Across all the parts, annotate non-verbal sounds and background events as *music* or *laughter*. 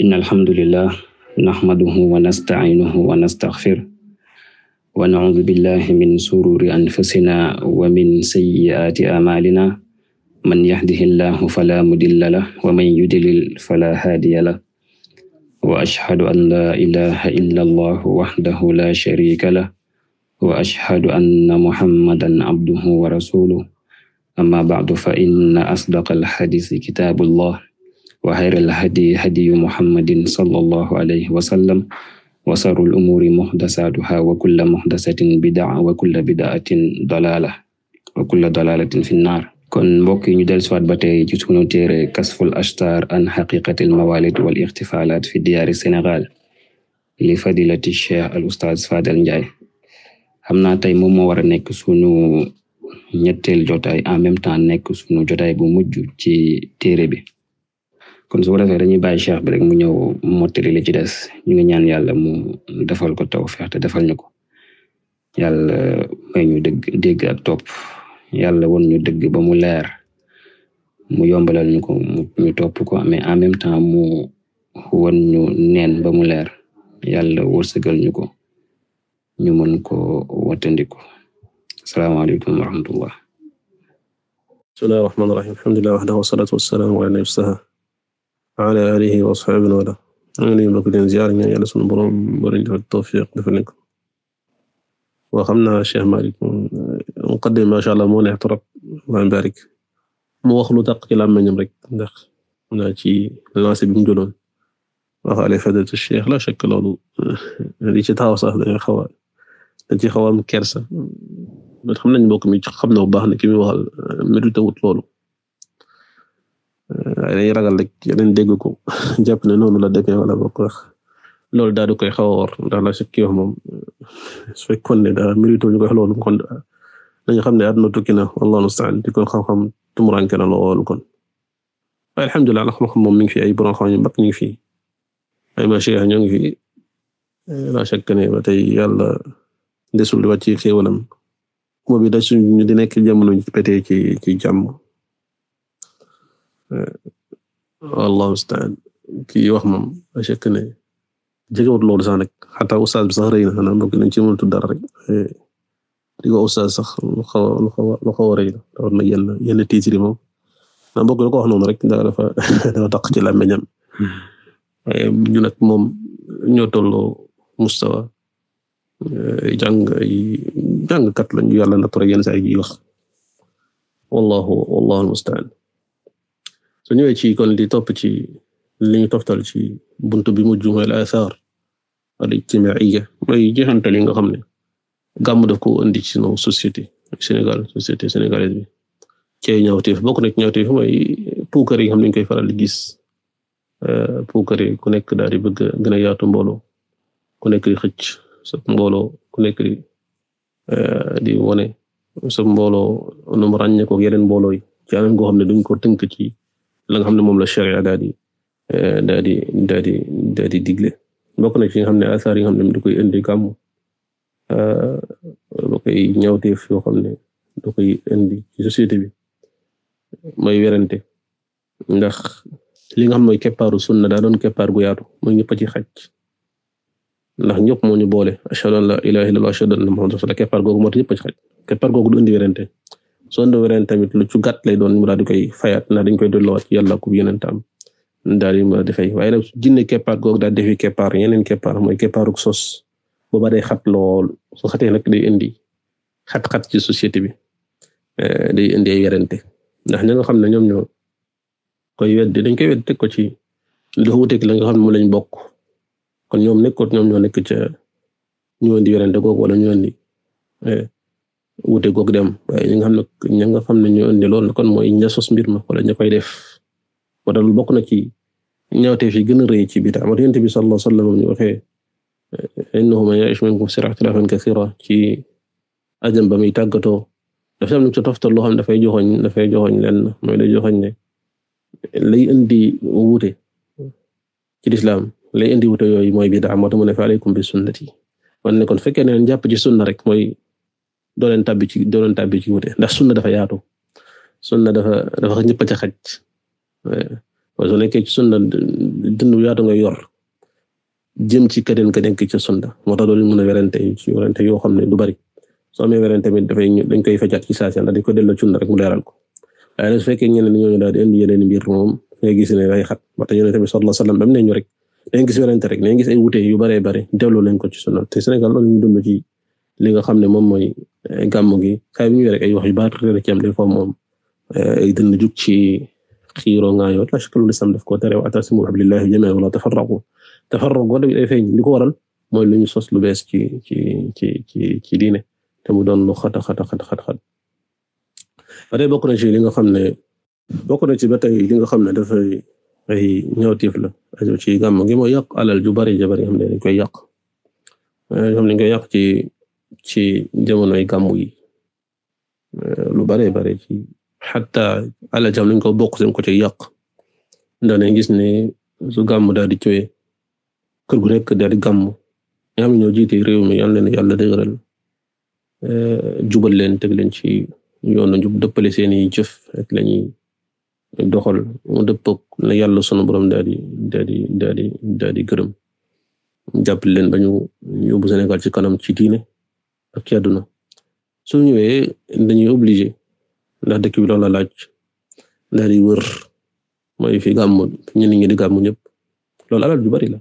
إن الحمد لله نحمده ونستعينه ونستغفره ونعوذ بالله من شرور أنفسنا ومن سيئات أعمالنا من يهده الله فلا مضل له ومن يضلل فلا هادي له وأشهد أن لا إله إلا الله وحده لا شريك له وأشهد أن محمدا عبده ورسوله أما بعد فإن أصدق الحديث كتاب الله وخير الهدي هدي محمد صلى الله عليه وسلم وشر الأمور محدثاتها وكل محدثة بدعة وكل بدعة ضلالة وكل kon mbokk yi ñu dellusiwaat ba tey ci sunu téere kasful ashtar an haqiqatil mawalid wal ihtifalat fi diyaari Sénégal li fadilati cheikh Fadel Ndiaye xam naa tey moom moo war a nekk sunu ñetteel jotaay en même temps nekk sunu jotaay bu mujj ci téere bi kon su ko defee dañuy bàyyi cheikh bi rek mu ñëw mottali li ci des ñu ngi ñaan yàlla mu defal ko tawfiq te defal ñu ko yàlla may ñu dëgg dégg ak topp yàlla won ñu dëgg ba mu leer mu yombalal ñu ko ñu topp ko mais en même temps mu won ñu neen ba mu leer yàlla wërsëgal ñu ko ñu mën ko wattandiku asalaamaaleykum wa rahmatullah wa ala alihi wa ashabihi wa la ñu leen bokk den ziar ñaan Yàlla sunu borom bari def tawfiq def leen ko wa xam naa Cheikh Malik muqaddim ma sha Allah moo neex trop wa barik mu wax lu taq ci làmmiñam rek ndax na ci lancé bi mu jëloon wa ala fadatu Cheikh la shakk loolu li ci taxaw sax dañu xaw a dañ ci xaw a am kersa ba xam nañ mbokk mi xam na bu baax ne ki mi waxal mérite wut loolu Euh, day ragal rek yeneen dégg ko *laughs* noonu la demee wala bokk loolu daal di koy xaw a wor la si kii wax moom *laughs* fekkoon ne dara mérito ñu koy wax loolu kon xam ne àdduna tukki na wallahu musta'an di kon xam-xam tumuranke na loolu kon alhamdulilah ndax xam-xam moom mi ngi fi ay borom xam ñu mag ngi fi ay macheikh ñoo ngi fi eh, la shakk ne ba tey yàlla desul di wàcc xéewalam moom it dañ suñu di nekk jamono ji pété ci wallahu musta'an kii wax moom achèque ne jegewut loolu sax nag xataa ustaas bi sax rëy na xanaa moom gën ci dara rek eh, di ko sax lu xaw lu xaw lu xaw rëy la rawat na yenn yenn titre moom naa mbokk la ko wax noonu rek da dafa *laughs* dafa taq ci làmmeñam eh, ñu nag moom ñoo tolloo mustawa eh, jàng jàngkat yàlla na tura yenn saa yi wax wallahu wallahu musta'an so ñëwee ci kon di topp ci li ñu toftal ci buntu bi mujj mooy al-athar al-ijtimaiya mooy jeexantal yi nga xam ne gàmm daf ko indi ci sunu société Sénégal société sénégalaise bi ci ñaawteef bokk na ci ñaawteef mooy puukar yi nga xam ne dañ koy faral di gis euh, puukar yi ku nekk daal di bëgg gën yaatu mbooloo ku nekk xëcc sa mbooloo ku nekk di euh, wone sa mbooloo nu mu ràññee ko yeneen mbooloo yi ci anam goo xam ne duñ ko tënk ci. la xam ne moom la sharia daa di eh, daa di daa di na ci nga xam ne asaar yi xam ne du koy indi gàmmu ba eh, koy yoo xam ne du koy indi ci société bi mooy werante ndax li nga xam mooy keppaaru sunna daa doon keppaar gu yaatu mooy ñëpp a ci xaj ndax ñëpp moo ñu boole ashhadu an la ilaha illallah ashhadu anna muhammadan rasulullah keppaar googu moo tax ñëpp a googu du indi werante de ndëwëreen tamit lu ci gàtt lay doon mu daal di koy fayaat ndax dañ koy delloowaat ci yàlla ku yonentam daal di mën a waaye nag jinne keppaar googu daal defi keppaar yeneen keppaar mooy keppaaruk soos booba day xat lool su xatee nag day indi xat-xat ci société bi eh, day indi ay werante ndax ña nga xam ne ñoom ñoo koy weddi dañ koy weddi teg ko ci lu wuteeg la nga xam ne moom lañ bokk kon ñoom nekkoot ñoom ñoo nekk ca indi werante googu wala ñoo indi eh, wute googu dem waaye ñi nga ne ña nga xam ne ñoo indi loolu kon mooy ñasos sos mbir ma wala ña koy def moo tax lu bokk na ci ñaawteef yi gën a rëy ci bida moo tax Yonent bi sallallahu alayhi wa ñu waxee eh, innahu man ya'ish minkum ci ajam ba muy tàggatoo dafa am loo xam ne dafay joxoñ dafay joxoñ lenn mooy day joxoñ ne lay indi wute ci lislaam lay indi wute yooyu mooy bida moo tax mu ne fa alaykum bi sunnati man ne kon fekkee ne jàpp ci sunna rek mooy doo leen tabbi ci doo leen tabbi ci wute ndax sunna dafa yaatu sunna dafa dafa ñëpp a ca xaj waaye soo nekkee ci sunna dund yaatu nga yor jëm ci keneen ka denk ci sunna moo tax doo mën a werante ci werante yoo xam ne du bari soo amee werante tamit dafay dañ koy fajaat ci ko delloo ci rek mu leeral ko waaye nag su fekkee ñeneen ñooñu daal di indi yeneen mbir moom ngay gis ne day xat moo tax yonent bi sallallahu alayhi wasallam bam ne ñu rek dañ gis werante rek dañ gis ay wute yu baree bari delloo leen ko ci sunna te Sénégal loolu ñu dund ci li nga xam ne moom mooy eh, gàmmu gi saa yu ñu rek ay wax yu bari la ci am des moom eh, ay dënnu jug ci xiiroo yo la shakk loolu islam daf ko tere wa atasimu bi hablillahi jami'an wala tafarraqu tafarraqu wala ay feeñ li ko waral mooy lu ñu sos lu bees ci ci ci ci ci diine te mu doon lu xata xata xata xata xat ba tey bokk ci li nga xam ne bokk na ci ba tey li nga xam ne dafay ay ñawtiif la aju ci gàmmu gi mooy yàq alal ju bari ja bari xam dañ koy yàq xam ne dañ koy ci ci jamonoy gàmmu yi euh, lu bare bare ci xataa ala jam lañ ko bokk seen ko ci yàq daanay gis ni su gàmmu daal di coowee kër gu nekk daal di gàmmu ñoo xam jiite réew mi yal leen yàlla dëgëral euh, jubal leen teg leen ci yoonu jub dëppale seeni jëf ak lañuy doxal mu dëppook na yàlla sunu borom daal di gërëm jàppale leen ba ñu yóbbu Sénégal ci kanam ci diine ak ci àdduna su ñëwee dañuy obligé ndax dëkk bi loolu la laaj daal di wër mooy fi gàmmu ñenn ñi di gàmmu ñëpp loolu alal ju bari la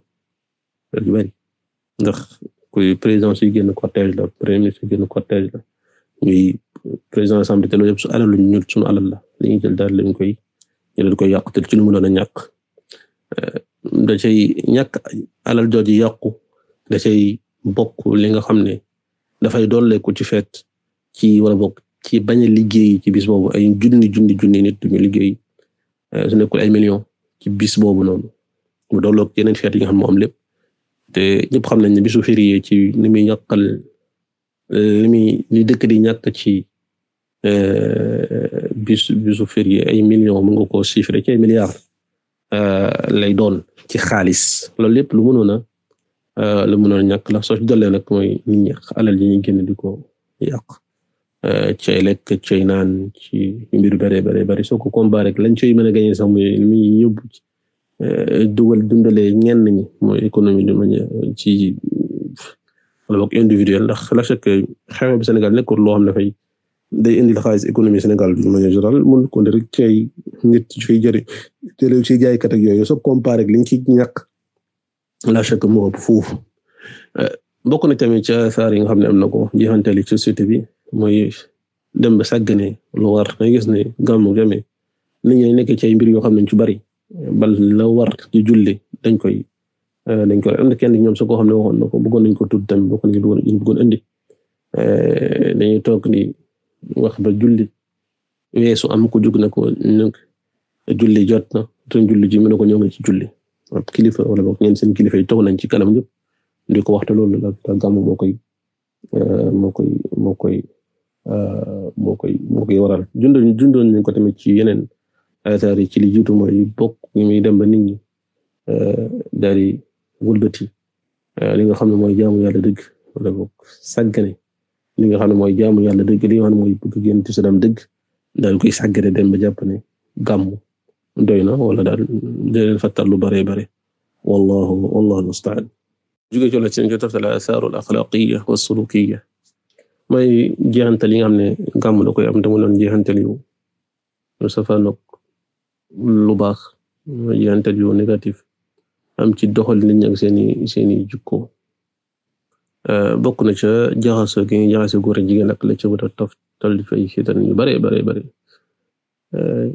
alal ju bari ndax kuy président suy génn cortège la premier ministre suy génn cortège la ñuy président assemblée te loolu yëpp su alal lu ñu sunu alal la li ñuy jël daal lañ koy ñul leen koy yàq te ci lu mu doon a ñàkk da cay ñàkk alal jooju yàqu da cay bokk li nga xam ne. dafay dolleeku ci feet ci wala boog ci bañ liggéey ci bis boobu ay junni junni junni nit duñu liggéey euh, su nekkul ay million ci bis boobu noonu mu dolloog yeneen feet yi nga xam moo am lépp te ñëpp xam nañ ne bisu férié ci li muy ñàkkal li euh, muy li dëkk di ñàkk ci euh, bisu bisu férié ay million mën nga ko chiffrer ci ay milliards lay doon ci xaalis loolu lépp lu mënoon a Euh, la mënoon ñàkk la soo ci dollee nag mooy nit alal yi ñu génn di ko yàq euh, cay lekk cay naan ci mbir bare bare bari soo ko comparé rek lañ cay mën a gagné sax muy muy yóbbu euh, dugal dundalee ñenn mooy économie de manière ci wala boog ndax la fekk bi Sénégal nekkul loo xam ne dafay day indil xaalis économie de manière générale mun ko rek cay nit ci fay jëri te ci jaaykat ak yooyu soo comparé rek liñ ci ñàkk la chaque moo ëpp foofu eh, bokk na tamit ca saar yi nga xam ne am na ko jeexantali société bi mooy dem ba ne lu war nga gis ne gàmmu jame nit ñi nekk ci mbir yoo xam ne ci bari bal la war ci julli dañ koy eh, dañ koy am kenn ñoom su ko xam ne waxoon na ko bëggoon nañ ko tudd tamit bokk nañ ko bëggoon indi eh, dañuy toog ni wax ba julli weesu am ko jug na ko julli jot na te julli ji mën na ko ñoo ngi ci julli ab kilifa wala boog ñeen seen kilifa yi toog nañ ci kanam ñëpp di ko waxta loolu la gàmm euh, moo koy moo koy moo euh, koy moo koy moo koy waral jundoon jundoon nañ ko tamit ci yeneen asaar yi ci li jiitu mooy bokk yi muy dem ba nit ñi euh, daal di wëlbati li nga xam ne mooy jaamu yàlla dëgg wala boog sàggane nga xam ne mooy jaamu yàlla dëgg li nga xam ne mooy bëgg génn ci sa dëgg daal koy sàggane dem ba jàpp ne gàmm doy na wala daal di leen fàttal lu bare bare wallahu wallahu a jóge ci la ci ñu toftale asaaru al axlaaqiya wa sulukiya may jeexantal yi nga xam ne gàmm da koy am dama doon jeexantal yu lu safaanoog lu baax jeexantal yu negatif am ci doxal nit ñi ak seeni seeni eh, bokk na ca jaxaso gi nga jaxase góor jigéen ak la ca wut a toftal fay xitan yu bare bare bare eh,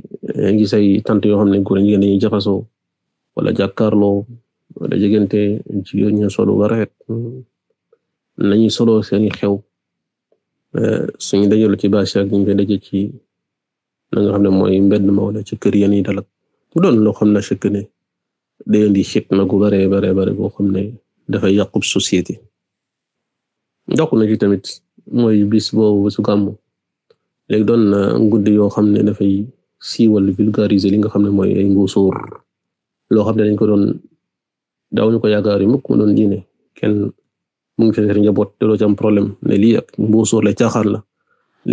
gis ay tant yoo xam ne góor ak jigéen dañuy jaxasoo wala jàkkaarloo wala jegante jigéen ñi solo ba rafet nañu solo seeni xew eh, suñu dajelu ci bâche ak ñu daje ci na nga xam ne mooy mbedd ma wala ci kër yéen yi dalak mu doon loo xam ne c'est que ne day indi xitna gu bare bare bare boo xam ne dafay yàqub société ndokk na ci tamit mooy bis bo bisu gàmmu léegi doon na guddi yoo xam ne dafay siiwal vulgariser li nga xam ne mooy ay nguusóor loo xam ne dañ ko doon daawuñu ko yaakaar yi mukk mu doon diine kenn mu ngi fekk njaboot te doo ci am problème ne lii ak mbuusóor la la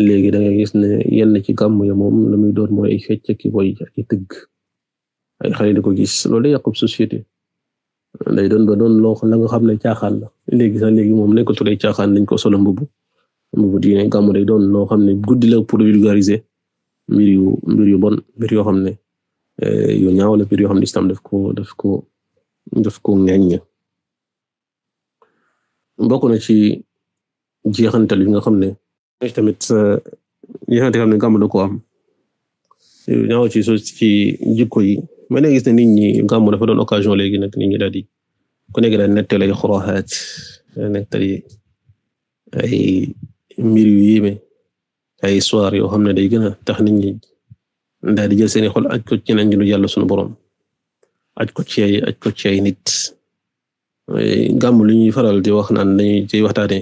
léegi da nga gis ne yenn ci gàmm ya moom la muy doon mooy ay fecc ki ko gis loolu day yàqub société day doon doon loo la nga xam ne caaxaan léegi sax léegi moom nekkul tuddee caaxaan dañ ko solo mbubu mbubu diine gàmm day doon loo xam ne guddi la pour vulgariser mbir yu mbir bon mbir yoo xam ne Eh, yu yo la biir yoo xam ne islam def ko daf ko daf ko ŋaññe bokk na ci jeexantal yi nga xam ne tamit jeexantal xam ne gàmm da ko am yu ñaaw ci so ci jikko yi ma ne gis ne nit ñi gàmm dafa doon occasion léegi nag nit ñi daal di ku nekk daal nettali ay xuraaxaat nettali ay mbir yu yéeme ay histoire yoo xam ne day gën a tax nit ñi daal di jël seeni xol aj ko ci nañ ñu yàlla sunu borom aj ko ci ay aj ko ci ay nit gàmm lu ñuy faral di wax naan dañuy ci waxtaane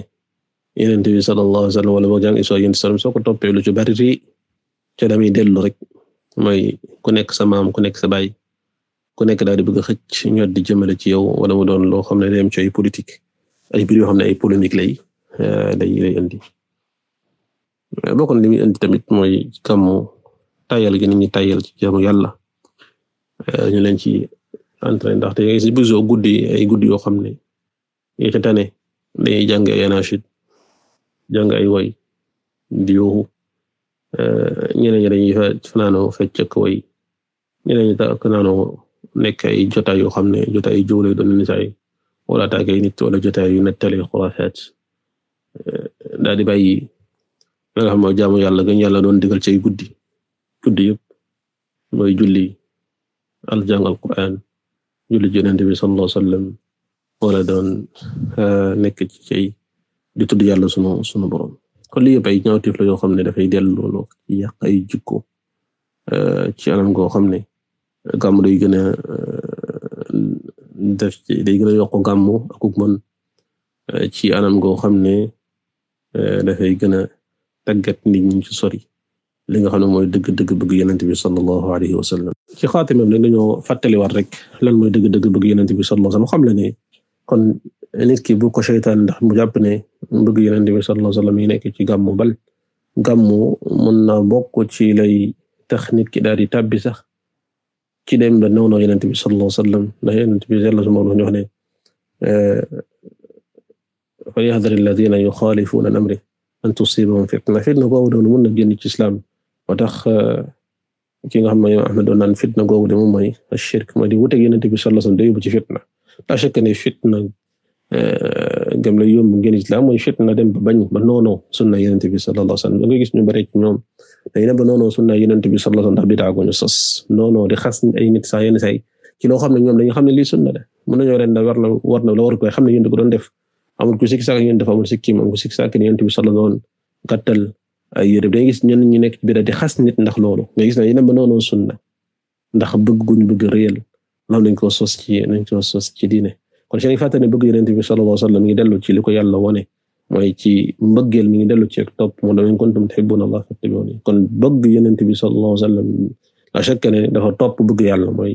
Yonent bi sallallahu alayhi wala boog jàng Isra Yonent sallam soo ko toppee lu ci bari ca damay dellu rek mooy ku nekk sa maam ku nekk sa baay ku nekk daal di bëgg a xëcc di jëmale ci yow wala mu doon loo xam ne day am ci ay politique ay yoo xam ne ay polémique lay eh, lay lay indi bokkoon li tamit mooy gàmmu tayal gi nit ñi tayal ci jaamu yàlla euh, ñu leen ci entraîné ndaxte yaa ngi si bisu guddi ay guddi yoo xam ne yi ci tane dañuy jàng ay anachid jàng ay way di yooxu euh, ñeneen ñi dañuy fanaanoo fecc ak way ñeneen ñi tak naanoo nekk ay jotaay yoo xam ne jotaay yu jëwle doon nañu say wala taag ay nit wala jotaay yu nettali xuraafaat euh, daal di bàyyi nga yàlla gën yàlla doon digal ci ay guddi. tudd yëpp mooy julli al jàng al Qur'an julli ci Yonent bi sallallahu alayhi wa sallam wala doon euh, nekk ci cay di tudd yàlla sunu sunu borom kon lii yëpp ay ñaawteef la yoo xam ne dafay delloolo ci yàq ay jikko euh, ci anam goo xam ne gàmm day gën a euh, def day gën a yokk gàmm mën ci anam goo xam ne dafay gën a tàggat nit ñi ci sori li nga xam ne mooy dëgg-dëgg bëgg yonent bi sallallahu alayhi wa sallam ci xaatimam nag dañoo fàttaliwaat rek lan mooy dëgg-dëgg bëgg yonent bi sallallahu alayhi wa sallam xam la ne kon nit ki bu ko seytaan ndax mu jàpp ne bëgg yonent bi sallallahu alayhi wa sallam yi nekk ci gàmmu bal gàmmu mën na bokk ci lay tax nit ki daal di tàbbi sax ci dem ba noonu yonent bi sallallahu alayhi wa sallam ndax yonent bi yàlla suma wax ne falyahdhar alladhina yukhalifuna an amrihi an tusibahum fitna fitna boobu doon mën na génn ci islam moo tax euh, ki nga xam ne moom Ahmad doon naan fitna googu de moom mooy shirk mooy di wuteeg bi sallallahu alayhi wasallam day yóbbu ci fitna laa shakka ne fitna euh, gëm la yóbbu ngeen islam mooy fitna dem ba bañ ba noonoo sunna Yonent bi sallallahu alayhi wasallam da gis ñu bare ñoom day dem ba noonoo bi sallallahu alayhi wasallam ndax bidaa gu ñu sos noonoo di xas ay nit saa yenn loo xam ne ñoom dañu xam ne lii sunna la mën nañoo ren da war na war na la war koy xam ne yéen ko doon def amul ku sikki saak yéen dafa amul sikki moom ku saak yéen bi sallallahu alayhi wasallam yooyu daf day gis ñenn ñu nekk ci biir di xas nit ndax loolu nga gis ne yéen a mënoonoo sunna ndax bëgg gu ñu bëgg réel loolu lañ ko sos ci lañ ko sos ci diine kon ci lañ fàttali ne bëgg yonent bi sallallahu alayhi wasallam ngi dellu ci li ko yàlla wone mooy ci mbëggeel mi ngi dellu ci ak topp moo dama in kuntum tuhibbuna Allah fattabi'uni kon bëgg yonent bi sallallahu alayhi wasallam la shakka ne dafa topp bëgg yàlla mooy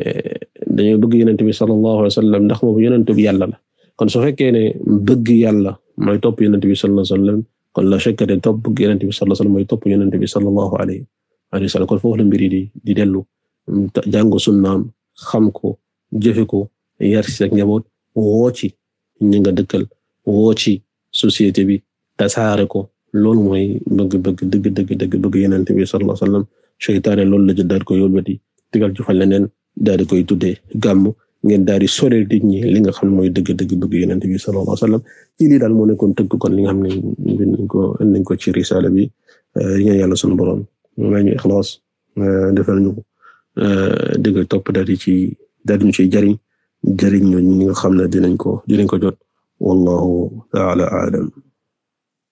eh, dañoo bëgg yonent bi sallallahu alayhi wasallam ndax moom yonent bi yàlla la kon su fekkee ne bëgg yàlla mooy topp yonent bi sallallahu alayhi wasallam kon la shakka ne topp yonent bi sallallahu alayhi wasallam mooy topp yonent bi sallallahu alayhi wasallam kon foofu la mbiri di di dellu mm, jàngu sunnaam xam ko jëfe ko yar ci ak njaboot woo ci ñi nga dëkkal woo ci société bi tasaare ko loolu mooy bëgg bëgg dëgg dëgg dëgg bëgg yonent bi sallallahu alayhi wasallam seytaane loolu la jël daal ko yóbbati tegal ci fa leneen daal di koy tuddee gàmm ngeen daal di soreel nit ñi li nga xam mooy dëgg-dëgg bëgg yonent bi sallallahu alayhi wasallam ci lii daal moo nekkoon tëgg kon li nga xam ne bind ko indi ko ci risala bi yi euh, nga yàlla sunu borom may ñu ixlaas euh, defal ñu euh, dëgg topp daal di ci daal di ñu ciy jariñ jariñ ñu ñi nga xam ne dinañ ko dinañ ko jot wallahu ta'ala a'lam